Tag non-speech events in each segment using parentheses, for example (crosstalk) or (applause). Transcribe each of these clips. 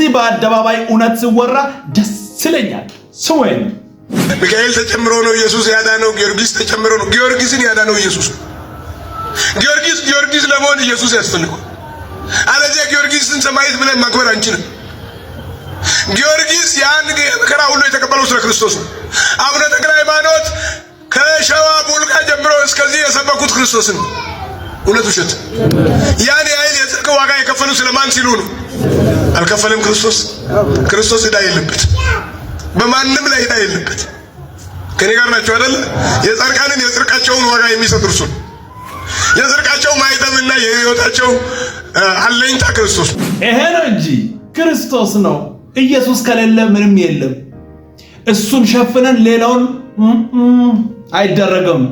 በዚህ በአደባባይ እውነት ሲወራ ደስ ይለኛል። ስወይም ሚካኤል ተጨምሮ ነው ኢየሱስ ያዳነው። ጊዮርጊስ ተጨምሮ ነው ጊዮርጊስን ያዳነው ኢየሱስ ጊዮርጊስ ጊዮርጊስ ለመሆን ኢየሱስ ያስፈልገው? አለዚያ ጊዮርጊስን ሰማዕት ብለን ማክበር አንችልም። ጊዮርጊስ ያን መከራ ሁሉ የተቀበለው ስለ ክርስቶስ ነው። አቡነ ተክለ ሃይማኖት ከሸዋ ቡልቃ ጀምሮ እስከዚህ የሰበኩት ክርስቶስ ነው። እውነት ውሸት? ያን ያህል የጽድቅ ዋጋ የከፈሉ ስለማን ሲሉ ነው? አልከፈለም። ክርስቶስ ክርስቶስ ዕዳ የለበት፣ በማንም ላይ እዳ የለበት። ከኔ ጋር ናቸው አይደል? የጻድቃንን የጽድቃቸውን ዋጋ የሚሰጥ እርሱ የጽድቃቸው ማይተምና የህይወታቸው አለኝታ ክርስቶስ ይሄ ነው እንጂ ክርስቶስ ነው። ኢየሱስ ከሌለ ምንም የለም። እሱን ሸፍነን ሌላውን አይደረግም።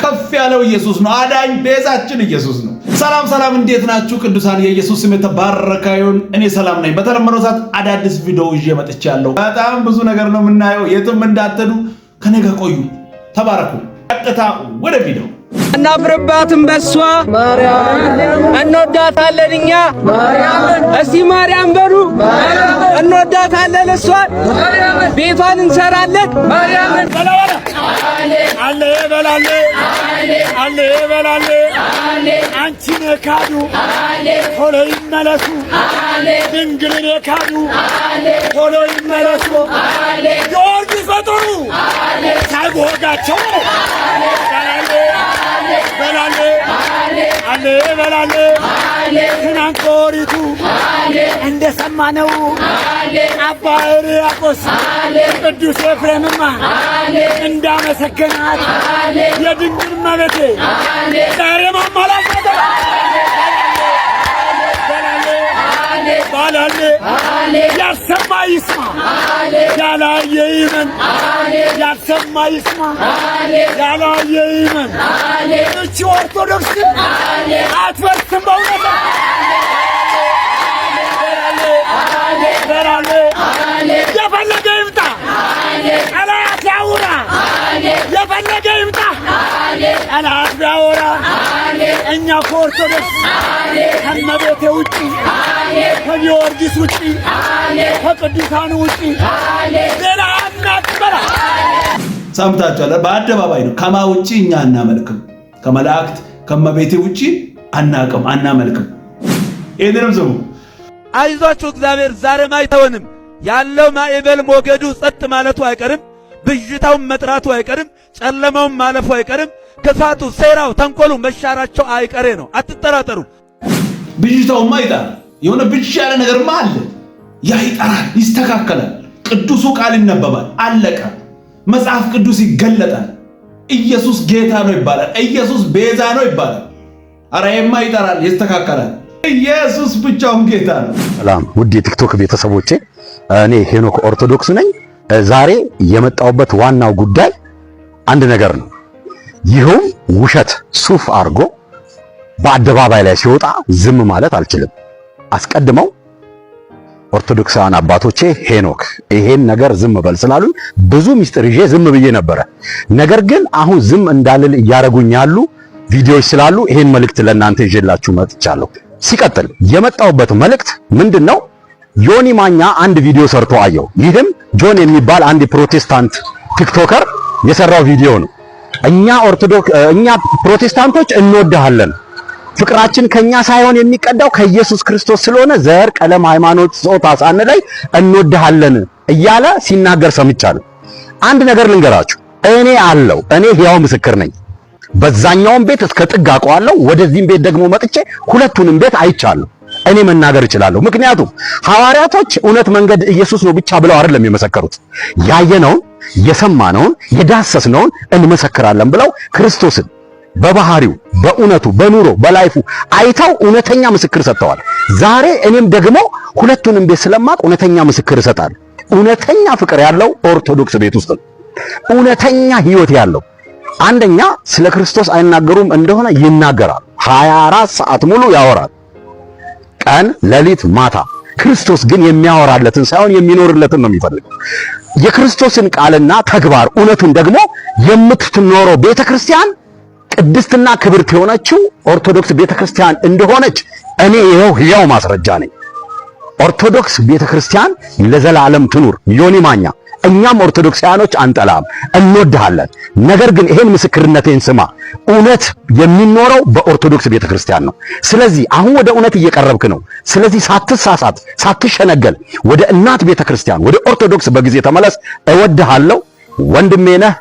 ከፍ ያለው ኢየሱስ ነው። አዳኝ ቤዛችን ኢየሱስ ነው። ሰላም ሰላም፣ እንዴት ናችሁ ቅዱሳን? የኢየሱስ ስም የተባረከ ይሁን። እኔ ሰላም ነኝ። በተለመደው ሰዓት አዳዲስ ቪዲዮ ይዤ መጥቻለሁ። በጣም ብዙ ነገር ነው የምናየው። የትም እንዳትሄዱ ከኔ ጋር ቆዩ። ተባረኩ። ቀጥታ ወደ ቪዲዮ እናፍርባትም በሷ እንወዳታለን እኛ። እስቲ ማርያም በሉ እንወዳታለን። እሷ ቤቷን እንሰራለን። አለ በላለ አለ በላለ አንቺን የካዱ ቶሎ ይመለሱ። ድንግልን የካዱ ቶሎ ይመለሱ። ጊዮርጊስ በጥሩ ሳይወጋቸው አለ በላለ ትናንት ኦሪቱ እንደሰማነው ሰማነው አባ ሕርያቆስ ቅዱስ ኤፍሬምማ እንዳመሰገናት የድንግል መቤቴ ዛሬ ማማላት ባላለ ያልሰማ ይስማ፣ ያላየ ይመን። ያልሰማ ይስማ፣ ያላየ ይመን። እቺ ኦርቶዶክስ አትበርስም። እኛ ከኦርቶዶክስ ከመቤቴ ውጪ ከጊዮርጊስ ውጪ ከቅዱሳን ውጪ ሌላ እናክበራ። ሰምታችኋል። በአደባባይ ነው። ከማ ውጪ እኛ አናመልክም። ከመላእክት ከመቤቴ ውጪ አናቅም፣ አናመልክም። ይህንንም ስሙ። አይዟችሁ፣ እግዚአብሔር ዛሬም አይተወንም። ያለው ማዕበል ሞገዱ ጸጥ ማለቱ አይቀርም። ብዥታውን መጥራቱ አይቀርም። ጨለማውን ማለፉ አይቀርም። ክፋቱ፣ ሴራው፣ ተንኮሉ መሻራቸው አይቀሬ ነው። አትጠራጠሩ። ብዥታውማ ይጠራል። የሆነ ብዥ ያለ ነገርማ አለ። ያ ይጠራል፣ ይስተካከላል። ቅዱሱ ቃል ይነበባል። አለቀ። መጽሐፍ ቅዱስ ይገለጣል። ኢየሱስ ጌታ ነው ይባላል። ኢየሱስ ቤዛ ነው ይባላል። አራየማ ይጠራል፣ ይስተካከላል። ኢየሱስ ብቻውን ጌታ ነው። ሰላም ውድ የቲክቶክ ቤተሰቦቼ፣ እኔ ሄኖክ ኦርቶዶክስ ነኝ። ዛሬ የመጣውበት ዋናው ጉዳይ አንድ ነገር ነው። ይኸውም ውሸት ሱፍ አድርጎ በአደባባይ ላይ ሲወጣ ዝም ማለት አልችልም። አስቀድመው ኦርቶዶክሳውያን አባቶቼ ሄኖክ ይሄን ነገር ዝም በል ስላሉ ብዙ ሚስጥር ይዤ ዝም ብዬ ነበረ። ነገር ግን አሁን ዝም እንዳልል እያደረጉኝ ያሉ ቪዲዮዎች ስላሉ ይሄን መልእክት ለእናንተ ይዤላችሁ መጥቻለሁ። ሲቀጥል የመጣሁበት መልእክት ምንድን ነው? ዮኒ ማኛ አንድ ቪዲዮ ሰርቶ አየው ይህም ጆን የሚባል አንድ ፕሮቴስታንት ቲክቶከር የሰራው ቪዲዮ ነው። እኛ ኦርቶዶክ እኛ ፕሮቴስታንቶች እንወድሃለን ፍቅራችን ከኛ ሳይሆን የሚቀዳው ከኢየሱስ ክርስቶስ ስለሆነ ዘር፣ ቀለም፣ ሃይማኖት፣ ጾታ ሳንለይ እንወድሃለን እያለ ሲናገር ሰምቻለሁ። አንድ ነገር ልንገራችሁ፣ እኔ አለው እኔ ሕያው ምስክር ነኝ። በዛኛውም ቤት እስከ ጥግ አውቀዋለሁ። ወደዚህም ቤት ደግሞ መጥቼ ሁለቱንም ቤት አይቻለሁ። እኔ መናገር እችላለሁ። ምክንያቱም ሐዋርያቶች እውነት መንገድ ኢየሱስ ነው ብቻ ብለው አይደለም የመሰከሩት። ያየነውን፣ የሰማነውን፣ የዳሰስነውን እንመሰክራለን ብለው ክርስቶስን በባህሪው፣ በእውነቱ፣ በኑሮ፣ በላይፉ አይተው እውነተኛ ምስክር ሰጥተዋል። ዛሬ እኔም ደግሞ ሁለቱንም ቤት ስለማቅ እውነተኛ ምስክር እሰጣለሁ። እውነተኛ ፍቅር ያለው ኦርቶዶክስ ቤት ውስጥ ነው። እውነተኛ ህይወት ያለው አንደኛ ስለ ክርስቶስ አይናገሩም እንደሆነ ይናገራል። 24 ሰዓት ሙሉ ያወራል። ቀን ሌሊት ማታ ክርስቶስ ግን የሚያወራለትን ሳይሆን የሚኖርለትን ነው የሚፈልገው። የክርስቶስን ቃልና ተግባር እውነቱን ደግሞ የምትኖረው ቤተክርስቲያን ቅድስትና ክብርት የሆነችው ኦርቶዶክስ ቤተክርስቲያን እንደሆነች እኔ ይኸው ሕያው ማስረጃ ነኝ። ኦርቶዶክስ ቤተክርስቲያን ለዘላለም ትኑር። ዮኒ ማኛ እኛም ኦርቶዶክሳውያኖች አንጠላም፣ እንወድሃለን። ነገር ግን ይሄን ምስክርነቴን ስማ፣ እውነት የሚኖረው በኦርቶዶክስ ቤተክርስቲያን ነው። ስለዚህ አሁን ወደ እውነት እየቀረብክ ነው። ስለዚህ ሳትሳሳት፣ ሳትሸነገል ወደ እናት ቤተክርስቲያን ወደ ኦርቶዶክስ በጊዜ ተመለስ። እወድሃለሁ፣ ወንድሜ ነህ።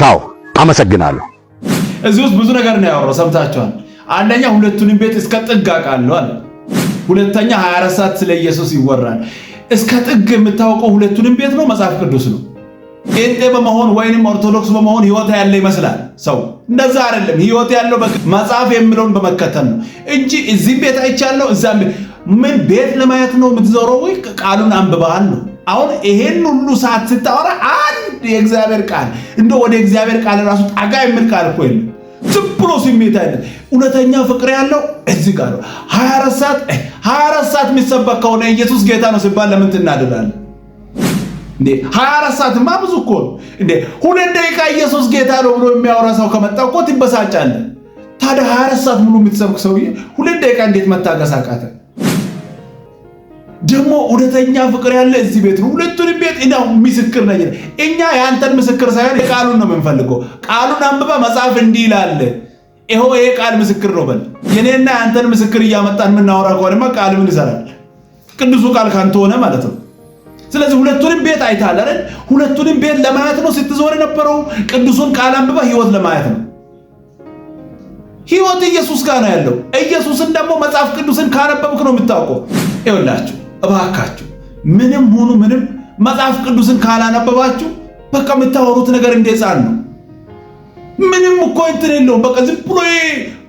ቻው፣ አመሰግናለሁ። እዚህ ውስጥ ብዙ ነገር ነው ያወራው፣ ሰምታችኋል። አንደኛ ሁለቱንም ቤት እስከ ጥግ አውቃለሁ አለ። ሁለተኛ 24 ሰዓት ስለ ኢየሱስ ይወራል። እስከ ጥግ የምታውቀው ሁለቱንም ቤት ነው፣ መጽሐፍ ቅዱስ ነው። ጴንጤ በመሆን ወይንም ኦርቶዶክስ በመሆን ህይወት ያለ ይመስላል ሰው። እንደዛ አይደለም። ህይወት ያለው መጽሐፍ የሚለውን በመከተል ነው እንጂ እዚህ ቤት አይቻለሁ እዛም ምን ቤት ለማየት ነው የምትዞረው? ቃሉን አንብበሃል ነው። አሁን ይሄን ሁሉ ሰዓት ስታወራ አንድ የእግዚአብሔር ቃል እንደ ወደ እግዚአብሔር ቃል ራሱ ጠጋ የሚል ቃል እኮ የለም። ዝም ብሎ ስሜት አይነት እውነተኛ ፍቅር ያለው እዚህ ጋር ነው። ሀያ ሰዓት ሰዓት የሚሰበክ ከሆነ ኢየሱስ ጌታ ነው ሲባል ለምን ትናደዳለህ? እንዴ ሀያ አራት ማ ብዙ እኮ ነው። እንዴ ሁለት ደቂቃ ኢየሱስ ጌታ ነው ብሎ የሚያወራ ሰው ከመጣ እኮ ትበሳጫለህ። ታዲያ ሀያ አራት ሰዓት ሙሉ የምትሰብክ ሰውዬ ሁለት ደቂቃ እንዴት መታገስ አቃተህ? ደግሞ እውነተኛ ፍቅር ያለ እዚህ ቤት ነው። ሁለቱንም ቤት እዳው ምስክር ነኝ። እኛ የአንተን ምስክር ሳይሆን የቃሉን ነው የምንፈልገው። ቃሉን አንብባ መጽሐፍ እንዲህ ይላል። ይኸው ይሄ ቃል ምስክር ነው በል። የኔና የአንተን ምስክር እያመጣን የምናወራ ከሆነማ ቃል ምን ይሰራል? ቅዱሱ ቃል ካንተ ሆነ ማለት ነው። ስለዚህ ሁለቱንም ቤት አይተሃል አይደል? ሁለቱንም ቤት ለማየት ነው ስትዞር የነበረው። ቅዱሱን ቃል አንብባ ህይወት ለማየት ነው። ህይወት ኢየሱስ ጋር ነው ያለው። ኢየሱስን ደግሞ መጽሐፍ ቅዱስን ካነበብክ ነው የምታውቀው። ይኸውላችሁ እባካችሁ ምንም ሁኑ ምንም መጽሐፍ ቅዱስን ካላነበባችሁ በቃ የምታወሩት ነገር እንዴት ጻን ነው? ምንም እኮ እንትን የለውም። በቃ ዝም ብሎ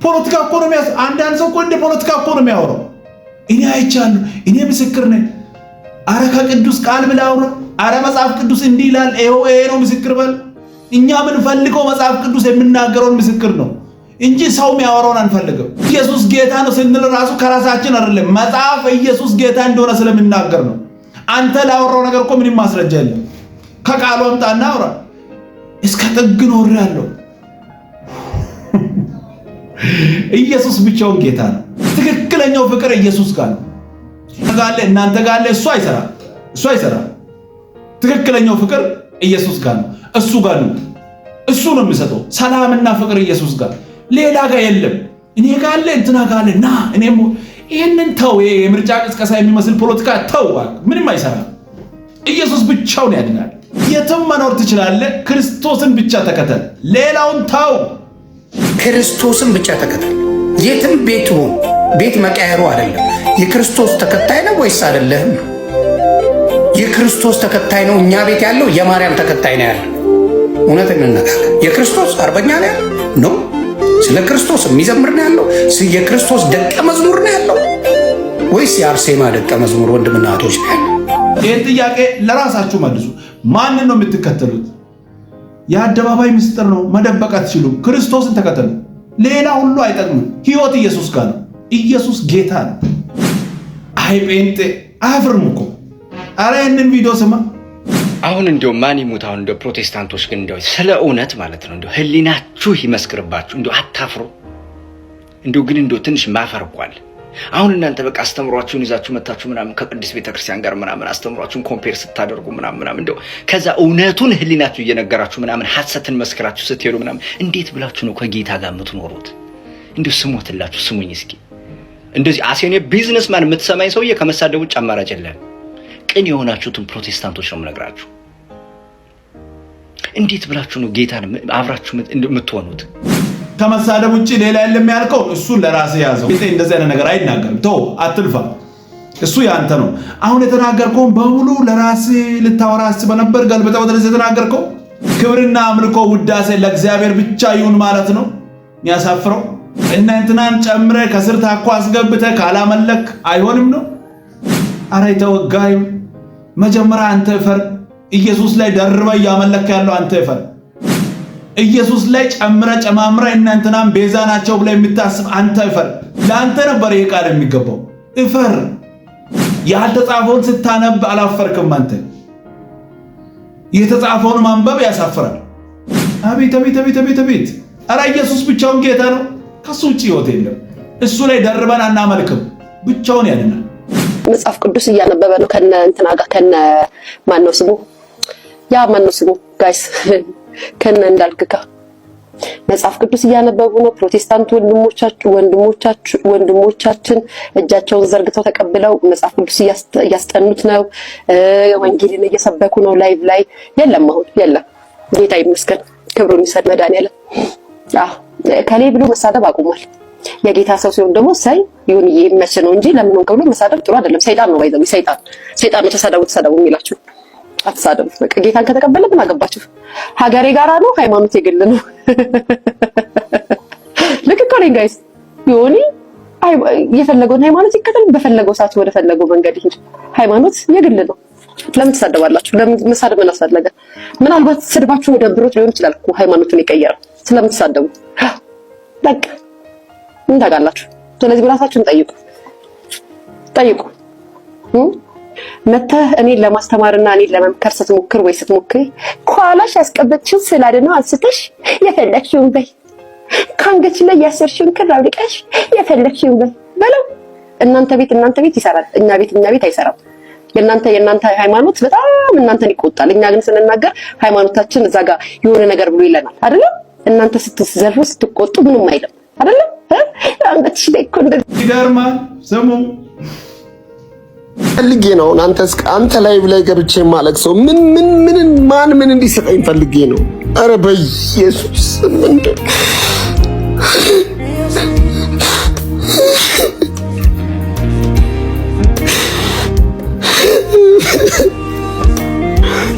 ፖለቲካ እኮ ነው የሚያስ አንዳንድ ሰው እኮ እንደ ፖለቲካ እኮ ነው የሚያወራው። እኔ አይቻለሁ፣ እኔ ምስክር ነኝ። አረ ከቅዱስ ቃል ብላ አውራ። አረ መጽሐፍ ቅዱስ እንዲህ ይላል፣ ነው ምስክር በል። እኛ የምንፈልገው መጽሐፍ ቅዱስ የምናገረውን ምስክር ነው። እንጂ ሰው የሚያወራውን አንፈልግም። ኢየሱስ ጌታ ነው ስንል ራሱ ከራሳችን አይደለም፣ መጽሐፍ ኢየሱስ ጌታ እንደሆነ ስለሚናገር ነው። አንተ ላወራው ነገር እኮ ምንም ማስረጃ የለም። ከቃሉ አምጣና አውራ። እስከ ጥግ ኖር ያለው ኢየሱስ ብቻውን ጌታ ነው። ትክክለኛው ፍቅር ኢየሱስ ጋር ነው። ጋለ እናንተ ጋለ እሱ አይሰራ እሱ አይሰራ። ትክክለኛው ፍቅር ኢየሱስ ጋር ነው። እሱ ጋር ነው። እሱ ነው የሚሰጠው ሰላምና ፍቅር ኢየሱስ ጋር ሌላ ጋር የለም። እኔ ጋር አለ፣ እንትና ጋር አለ። ና እኔም ይህንን ተው። የምርጫ ቅስቀሳ የሚመስል ፖለቲካ ተው፣ ምንም አይሰራ። ኢየሱስ ብቻውን ያድናል። የትም መኖር ትችላለህ። ክርስቶስን ብቻ ተከተል፣ ሌላውን ተው። ክርስቶስን ብቻ ተከተል። የትም ቤት ሁን፣ ቤት መቀየሩ አይደለም። የክርስቶስ ተከታይ ነው ወይስ አይደለህም? የክርስቶስ ተከታይ ነው። እኛ ቤት ያለው የማርያም ተከታይ ነው ያለው። እውነት እንነጋገር። የክርስቶስ አርበኛ ነው ያለው ነው ስለ ክርስቶስ የሚዘምር ነው ያለው? የክርስቶስ ደቀ መዝሙር ነው ያለው ወይስ የአርሴማ ደቀ መዝሙር ወንድምና እህቶች ነው ያለው? ይህን ጥያቄ ለራሳችሁ መልሱ። ማንን ነው የምትከተሉት? የአደባባይ ምስጢር ነው፣ መደበቅ አትችሉም። ክርስቶስን ተከተሉ። ሌላ ሁሉ አይጠቅምም። ህይወት ኢየሱስ ጋር ነው። ኢየሱስ ጌታ ነው። አይ ጴንጤ አያፍርም እኮ። አረ ይህንን ቪዲዮ ስማ። አሁን እንዲያው ማን ይሙት፣ አሁን እንዲያው ፕሮቴስታንቶች ግን እንዲያው ስለ እውነት ማለት ነው እንዲያው ህሊናችሁ ይመስክርባችሁ፣ እንዲያው አታፍሩ። እንዲ ግን እንዲያው ትንሽ ማፈርቋል። አሁን እናንተ በቃ አስተምሯችሁን ይዛችሁ መታችሁ ምናምን ከቅድስት ቤተክርስቲያን ጋር ምናምን አስተምሯችሁን ኮምፔር ስታደርጉ ምናምን ምናምን እንደው ከዛ እውነቱን ህሊናችሁ እየነገራችሁ ምናምን ሐሰትን መስክራችሁ ስትሄዱ ምናምን እንዴት ብላችሁ ነው ከጌታ ጋር የምትኖሩት? እንዲሁ ስሞትላችሁ ስሙኝ እስኪ እንደዚህ አሴኔ ቢዝነስማን የምትሰማኝ ሰውዬ ከመሳደብ ውጭ አማራጭ የለም። ቅን የሆናችሁትን ፕሮቴስታንቶች ነው የምነግራችሁ። እንዴት ብላችሁ ነው ጌታን አብራችሁ የምትሆኑት? ከመሳደብ ውጭ ሌላ የለም ያልከው እሱን ለራሴ ያዘው። ጌታ እንደዚህ አይነት ነገር አይናገርም። ተው አትልፋ፣ እሱ ያንተ ነው። አሁን የተናገርከውን በሙሉ ለራሴ ልታወራ አስበህ ነበር፣ ገልብጠህ ወደዚህ የተናገርከው። ክብርና አምልኮ ውዳሴ ለእግዚአብሔር ብቻ ይሁን ማለት ነው። የሚያሳፍረው እና እንትናን ከስር ታኮ አስገብተ ካላመለክ አይሆንም ነው አረ ተወጋዩ መጀመሪያ አንተ እፈር። ኢየሱስ ላይ ደርበ እያመለክ ያለው አንተ እፈር። ኢየሱስ ላይ ጨምረ ጨማምረ እናንተናም ቤዛ ናቸው ብለ የምታስብ አንተ እፈር። ለአንተ ነበር ይህ ቃል የሚገባው። እፈር። ያልተጻፈውን ስታነብ አላፈርክም አንተ። የተጻፈውን ማንበብ ያሳፍራል። አቤት አቤት አቤት አቤት አቤት! አረ ኢየሱስ ብቻውን ጌታ ነው። ከሱ ውጭ ህይወት የለም። እሱ ላይ ደርበን አናመልክም። ብቻውን ያድናል። መጽሐፍ ቅዱስ እያነበበ ነው ከነ እንትና ጋር ከነ ማን ነው ስሙ? ያ ማን ነው ስሙ? ጋይስ (laughs) ከነ እንዳልክ ጋር መጽሐፍ ቅዱስ እያነበቡ ነው። ፕሮቴስታንት ወንድሞቻችን እጃቸውን ዘርግተው ተቀብለው መጽሐፍ ቅዱስ እያስጠኑት ነው። ወንጌልን እየሰበኩ ነው። ላይቭ ላይ የለም፣ አሁን የለም። ጌታ ይመስገን፣ ክብሩን ይሰድ መድኃኒዓለም ከሌ ብሎ መሳደብ አቁሟል። የጌታ ሰው ሲሆን ደግሞ ሰይ ይሁን ይመች ነው እንጂ ለምን ሆንክ ብሎ መሳደብ ጥሩ አይደለም። ሰይጣን ነው ባይዘው ሰይጣን ሰይጣን ነው። ተሳደቡ ተሳደቡ የሚላችሁ አትሳደቡ። በቃ ጌታን ከተቀበለ ምን አገባችሁ? ሀገሬ ጋራ ነው፣ ሃይማኖት የግል ነው። (laughs) ልክ እኮ ነኝ ጋይስ። ዮኒ የፈለገውን ሃይማኖት ይከተል፣ በፈለገው ሰዓት ወደ ፈለገው መንገድ ይሄድ። ሃይማኖት የግል ነው። ለምን ትሳደባላችሁ? ለምን መሳደብ ምን አስፈለገ? ምናልባት ስድባችሁ ወደ ብሮት ሊሆን ይችላል እኮ ሃይማኖቱን የቀየረው ስለምትሳደቡ (gasps) በቃ ምን ታውቃላችሁ? ስለዚህ በራሳችሁን ጠይቁ ጠይቁ። መተህ እኔን ለማስተማርና እኔን ለመምከር ስትሞክር ወይ ስትሞክሪ ከኋላሽ ያስቀበጥሽን ስላድ ነው አንስተሽ የፈለግሽውን በይ፣ ከአንገች ላይ ያሰርሽውን ክር አውልቀሽ የፈለግሽውን በይ በለው። እናንተ ቤት እናንተ ቤት ይሰራል፣ እኛ ቤት እኛ ቤት አይሰራም። የእናንተ የእናንተ ሃይማኖት በጣም እናንተን ይቆጣል። እኛ ግን ስንናገር ሃይማኖታችን እዛ ጋር የሆነ ነገር ብሎ ይለናል አይደለም። እናንተ ስትዘልፉ ስትቆጡ ምንም አይልም። አይደለም ላይ ፈልጌ ነው አንተ ላይ ገብቼ ማለቅ ሰው ምን ምን ምን ማን ምን እንዲሰጠኝ ፈልጌ ነው። አረ በኢየሱስ ምን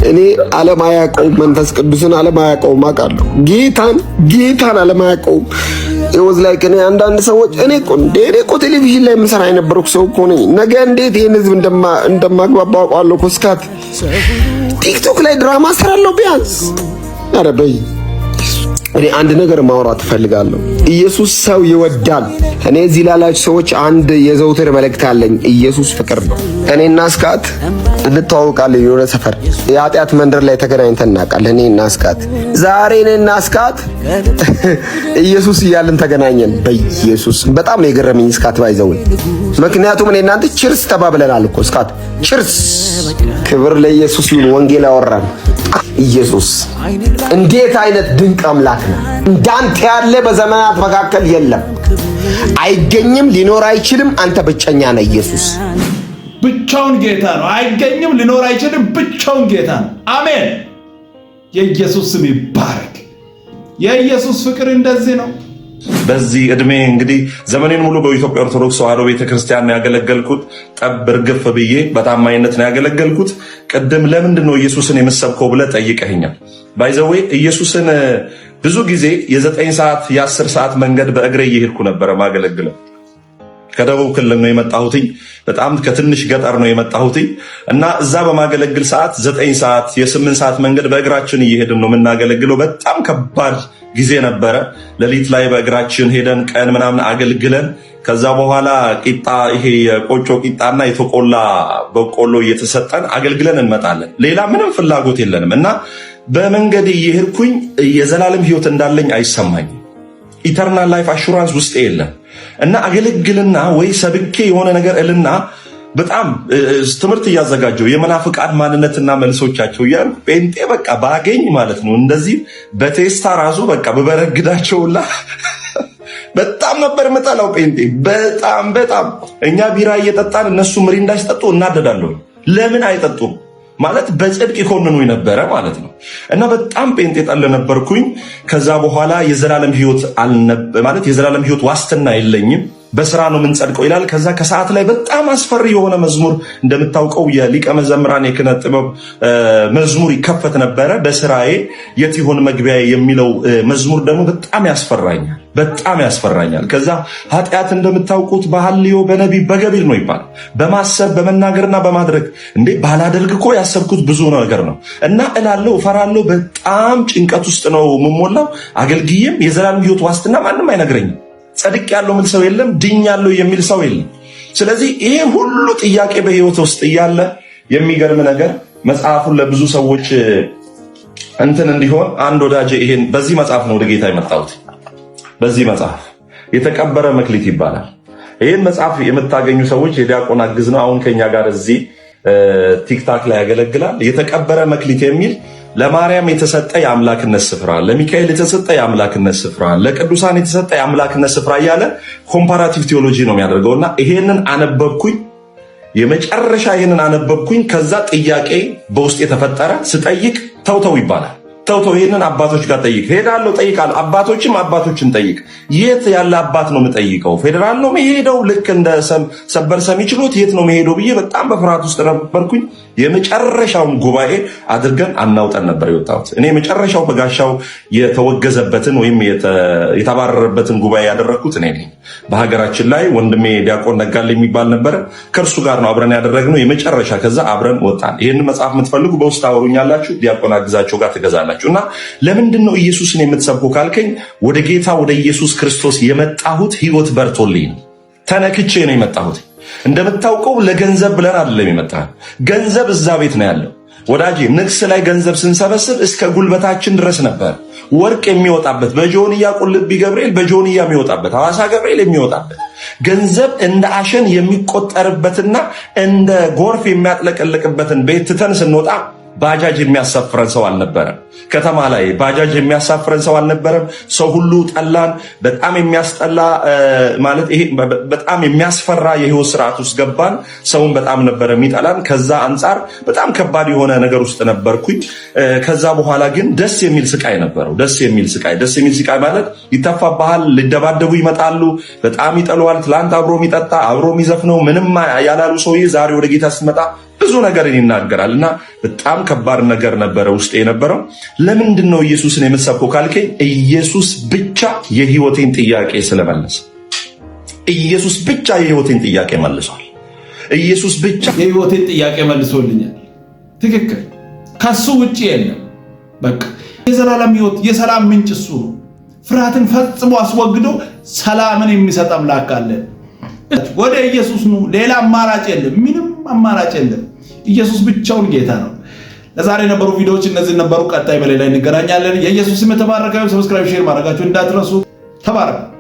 እኔ ዓለም አያውቀውም። መንፈስ ቅዱስን ዓለም አያውቀውም። አውቃለሁ ጌታን ጌታን ዓለም አያውቀውም። ወዝ ላይክ እኔ አንዳንድ ሰዎች እኔ እኮ እንደ እኔ እኮ ቴሌቪዥን ላይ የምሰራ የነበርኩ ሰው እኮ ነኝ። ነገ እንዴት ይህን ህዝብ እንደማግባባ አውቃለሁ እኮ። እስካት ቲክቶክ ላይ ድራማ እሰራለሁ ቢያንስ። ኧረ በይ እኔ አንድ ነገር ማውራት እፈልጋለሁ። ኢየሱስ ሰው ይወዳል። እኔ እዚህ ላላችሁ ሰዎች አንድ የዘውትር መልእክት አለኝ። ኢየሱስ ፍቅር ነው። እኔ እና ስካት እንተዋውቃለን። የሆነ ሰፈር የኃጢአት መንደር ላይ ተገናኝተን እናውቃለን። እኔ እና ስካት ዛሬ እኔ እና ስካት (laughs) ኢየሱስ እያልን ተገናኘን። በኢየሱስ በጣም ነው የገረመኝ ስካት ባይዘው። ምክንያቱም እኔ እናንተ ችርስ ተባብለናል እኮ ስካት ችርስ። ክብር ለኢየሱስ ይሁን። ወንጌል አወራን ኢየሱስ እንዴት አይነት ድንቅ አምላክ ነው! እንዳንተ ያለ በዘመናት መካከል የለም፣ አይገኝም፣ ሊኖር አይችልም። አንተ ብቸኛ ነህ ኢየሱስ። ብቻውን ጌታ ነው። አይገኝም፣ ሊኖር አይችልም። ብቻውን ጌታ ነው። አሜን። የኢየሱስ ስም ይባረክ። የኢየሱስ ፍቅር እንደዚህ ነው። በዚህ እድሜ እንግዲህ ዘመኔን ሙሉ በኢትዮጵያ ኦርቶዶክስ ተዋሕዶ ቤተክርስቲያን ነው ያገለገልኩት። ጠብ እርግፍ ብዬ በታማኝነት ነው ያገለገልኩት። ቅድም ለምንድን ነው ኢየሱስን የምሰብከው ብለህ ጠይቀኸኛል። ባይዘዌ ኢየሱስን ብዙ ጊዜ የዘጠኝ ሰዓት የአስር ሰዓት መንገድ በእግሬ እየሄድኩ ነበረ ማገለግለው። ከደቡብ ክልል ነው የመጣሁትኝ። በጣም ከትንሽ ገጠር ነው የመጣሁትኝ እና እዛ በማገለግል ሰዓት ዘጠኝ ሰዓት የስምንት ሰዓት መንገድ በእግራችን እየሄድን ነው የምናገለግለው። በጣም ከባድ ጊዜ ነበረ። ሌሊት ላይ በእግራችን ሄደን ቀን ምናምን አገልግለን ከዛ በኋላ ቂጣ ይሄ የቆጮ ቂጣና የተቆላ በቆሎ እየተሰጠን አገልግለን እንመጣለን። ሌላ ምንም ፍላጎት የለንም እና በመንገድ እየሄድኩኝ የዘላለም ሕይወት እንዳለኝ አይሰማኝም። ኢተርናል ላይፍ አሹራንስ ውስጤ የለም እና አገልግልና ወይ ሰብኬ የሆነ ነገር እልና በጣም ትምህርት እያዘጋጀው የመናፍቃን ማንነትና መልሶቻቸው እያሉ ጴንጤ በቃ ባገኝ ማለት ነው። እንደዚህ በቴስታ ራሱ በቃ በበረግዳቸውላ (laughs) በጣም ነበር የምጠላው ጴንጤ። በጣም በጣም እኛ ቢራ እየጠጣን እነሱ ምሪ እንዳይስጠጡ እናደዳለሁ። ለምን አይጠጡም ማለት በጽድቅ ይኮንኑኝ ነበረ ማለት ነው። እና በጣም ጴንጤ ጠል ነበርኩኝ። ከዛ በኋላ የዘላለም ሕይወት ማለት የዘላለም ሕይወት ዋስትና የለኝም በስራ ነው የምንጸድቀው ይላል። ከዛ ከሰዓት ላይ በጣም አስፈሪ የሆነ መዝሙር እንደምታውቀው የሊቀ መዘምራን የኪነ ጥበብ መዝሙር ይከፈት ነበረ። በስራዬ የት ይሆን መግቢያ የሚለው መዝሙር ደግሞ በጣም ያስፈራኛል፣ በጣም ያስፈራኛል። ከዛ ኃጢአት እንደምታውቁት በሐልዮ በነቢ በገቢር ነው ይባል በማሰብ በመናገርና በማድረግ እንዴ ባላደርግ እኮ ያሰብኩት ብዙ ነገር ነው እና እላለው እፈራለሁ። በጣም ጭንቀት ውስጥ ነው የምሞላው። አገልግዬም የዘላለም ህይወት ዋስትና ማንም አይነግረኝም። ጸድቅ ያለው የሚል ሰው የለም፣ ድኝ ያለው የሚል ሰው የለም። ስለዚህ ይሄ ሁሉ ጥያቄ በህይወት ውስጥ እያለ የሚገርም ነገር መጽሐፉን ለብዙ ሰዎች እንትን እንዲሆን አንድ ወዳጅ ይሄን በዚህ መጽሐፍ ነው ወደ ጌታ የመጣሁት። በዚህ መጽሐፍ የተቀበረ መክሊት ይባላል። ይህን መጽሐፍ የምታገኙ ሰዎች የዲያቆን አግዝ ነው። አሁን ከኛ ጋር እዚህ ቲክታክ ላይ ያገለግላል። የተቀበረ መክሊት የሚል ለማርያም የተሰጠ የአምላክነት ስፍራ፣ ለሚካኤል የተሰጠ የአምላክነት ስፍራ፣ ለቅዱሳን የተሰጠ የአምላክነት ስፍራ እያለ ኮምፓራቲቭ ቴዎሎጂ ነው የሚያደርገው እና ይሄንን አነበብኩኝ። የመጨረሻ ይህንን አነበብኩኝ። ከዛ ጥያቄ በውስጥ የተፈጠረ ስጠይቅ ተውተው ይባላል። ተውተው ይህንን አባቶች ጋር ጠይቅ ሄዳለሁ፣ ጠይቃለሁ። አባቶችም አባቶችን ጠይቅ። የት ያለ አባት ነው የምጠይቀው? ፌዴራል ነው መሄደው? ልክ እንደ ሰበር ሰሚ ችሎት የት ነው መሄደው ብዬ በጣም በፍርሃት ውስጥ ነበርኩኝ። የመጨረሻውን ጉባኤ አድርገን አናውጠን ነበር የወጣሁት እኔ። የመጨረሻው በጋሻው የተወገዘበትን ወይም የተባረረበትን ጉባኤ ያደረግኩት እኔ ነኝ። በሀገራችን ላይ ወንድሜ ዲያቆን ነጋል የሚባል ነበረ። ከእርሱ ጋር ነው አብረን ያደረግነው የመጨረሻ። ከዛ አብረን ወጣን። ይህን መጽሐፍ የምትፈልጉ በውስጥ አወሩኛላችሁ። ዲያቆን አግዛቸው ጋር ትገዛላችሁ። እና ለምንድን ነው ኢየሱስን የምትሰብኩ ካልከኝ ወደ ጌታ ወደ ኢየሱስ ክርስቶስ የመጣሁት ህይወት በርቶልኝ ነው። ተነክቼ ነው የመጣሁት። እንደምታውቀው ለገንዘብ ብለን አይደለም ይመጣ ገንዘብ እዛ ቤት ነው ያለው ወዳጄ። ንግስ ላይ ገንዘብ ስንሰበስብ እስከ ጉልበታችን ድረስ ነበር ወርቅ የሚወጣበት በጆንያ ቁልቢ ገብርኤል በጆንያ የሚወጣበት ሐዋሳ ገብርኤል የሚወጣበት ገንዘብ እንደ አሸን የሚቆጠርበትና እንደ ጎርፍ የሚያጥለቀልቅበትን ቤት ትተን ስንወጣ ባጃጅ የሚያሳፍረን ሰው አልነበረም። ከተማ ላይ ባጃጅ የሚያሳፍረን ሰው አልነበረም። ሰው ሁሉ ጠላን። በጣም የሚያስጠላ ማለት ይሄ በጣም የሚያስፈራ የህይወት ስርዓት ውስጥ ገባን። ሰውን በጣም ነበረ የሚጠላን። ከዛ አንጻር በጣም ከባድ የሆነ ነገር ውስጥ ነበርኩኝ። ከዛ በኋላ ግን ደስ የሚል ስቃይ ነበረው። ደስ የሚል ስቃይ ደስ የሚል ስቃይ ማለት ይተፋብሃል፣ ሊደባደቡ ይመጣሉ፣ በጣም ይጠሏል። ትላንት አብሮ የሚጠጣ አብሮ የሚዘፍነው ምንም ያላሉ ሰውዬ ዛሬ ወደ ጌታ ስትመጣ ብዙ ነገርን ይናገራል እና በጣም ከባድ ነገር ነበረ ውስጥ የነበረው። ለምንድን ነው ኢየሱስን የምትሰብከው ካልከኝ፣ ኢየሱስ ብቻ የህይወቴን ጥያቄ ስለመለሰ፣ ኢየሱስ ብቻ የህይወቴን ጥያቄ መልሷል። ኢየሱስ ብቻ የህይወቴን ጥያቄ መልሶልኛል። ትክክል። ከሱ ውጭ የለም። በቃ የዘላለም ህይወት፣ የሰላም ምንጭ እሱ ነው። ፍርሃትን ፈጽሞ አስወግዶ ሰላምን የሚሰጥ አምላክ አለ። ወደ ኢየሱስ ኑ። ሌላ አማራጭ የለም። ምንም አማራጭ የለም። ኢየሱስ ብቻውን ጌታ ነው። ለዛሬ የነበሩ ቪዲዮዎች እነዚህ ነበሩ። ቀጣይ በሌላ እንገናኛለን። የኢየሱስ ስም የተባረከ። ሰብስክራይብ፣ ሼር ማድረጋችሁ እንዳትረሱ። ተባረኩ።